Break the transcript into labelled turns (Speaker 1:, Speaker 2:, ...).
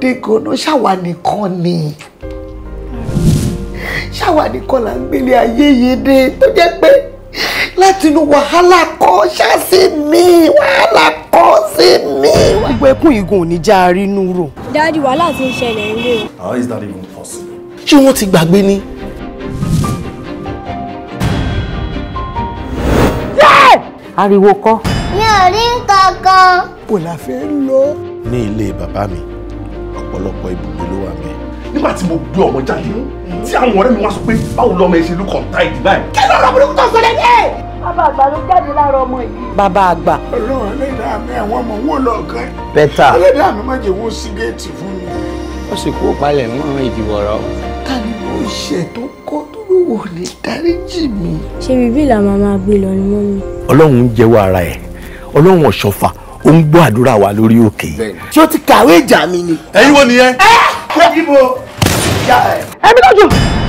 Speaker 1: gbóná ṣáwa nìkan ni ṣáwa nìkan là ń gbélé ayé yìí dé tó jẹ́ láti inú wàhálà kan ṣá sí mi wàhálà kan sí mi. gbogbo ẹkún igun ò ní já a rí inú rò. dáàdi wàhálà ti ń ṣẹlẹ̀ nílé o. how is that even possible. ṣé wọ́n ti gbàgbé ni. ariwo kọ́. mi ò rí nǹkan kan. kò la fẹ́ lọ. ní ilé bàbá mi ọ̀pọ̀lọpọ̀ ibùgbé ló wà mẹ́ẹ̀ nígbà tí mo gbé ọmọ jáde tí àwọn ọ̀rẹ́ mi wá sọ pé báwo lọ́mọ ẹ ṣe ló kàn tá ìdí báyìí. kí ló rọ̀ bùrùkù tó sọ lẹ́yìn bàbá àgbà ló jáde lára ọmọ yìí. bàbá àgbà. Ọlọ́run ẹlẹ́dàá mi àwọn ọmọ wo lọ kẹ. bẹ́tà ẹlẹ́dàá mi má jẹ wo sígẹẹtì fún mi. ó sì kú palẹ̀ mọ́ ìdìbò rọ. ta ni mo ṣe tó kọ́ tó ló wò ní dáríjì mi. ṣé bíbí máa máa gbé lọ ni wọ́n mi. Ọlọ́run ń jẹ́wọ́ ara ẹ̀ Ọlọ́run ọ̀ṣọ́fà ó ń gbọ́ àdúrà wa lórí òkè. tí ó ti kàwé ìjà mi ni. ẹ̀yin wo nìyẹn. ẹ